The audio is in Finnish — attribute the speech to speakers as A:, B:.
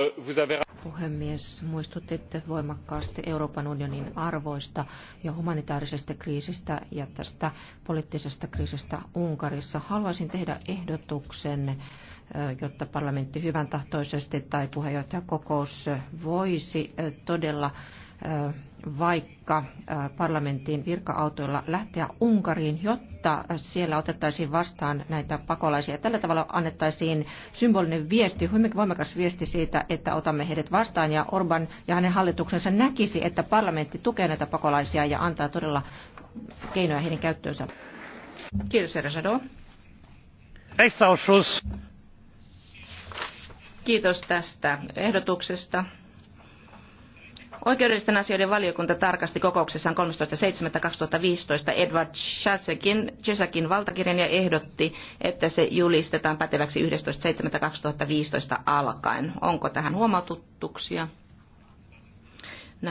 A: Euh, Puhemies, muistutitte voimakkaasti Euroopan unionin arvoista ja humanitaarisesta kriisistä ja tästä poliittisesta kriisistä Unkarissa. Haluaisin tehdä ehdotuksen, jotta parlamentti hyvän tahtoisesti tai puheenjohtajakokous voisi todella vaikka parlamentin virka-autoilla lähteä Unkariin, jotta siellä otettaisiin vastaan näitä pakolaisia. Tällä tavalla annettaisiin symbolinen viesti, hyvinkin voimakas viesti siitä, että otamme heidät vastaan ja Orban ja hänen hallituksensa näkisi, että parlamentti tukee näitä pakolaisia ja antaa todella keinoja heidän käyttöönsä. Kiitos, herra Sado. Kiitos tästä ehdotuksesta. Oikeudellisten asioiden valiokunta tarkasti kokouksessaan 13.7.2015 Edward Chesakin valtakirjan ja ehdotti, että se julistetaan päteväksi 11.7.2015 alkaen. Onko tähän huomautuksia?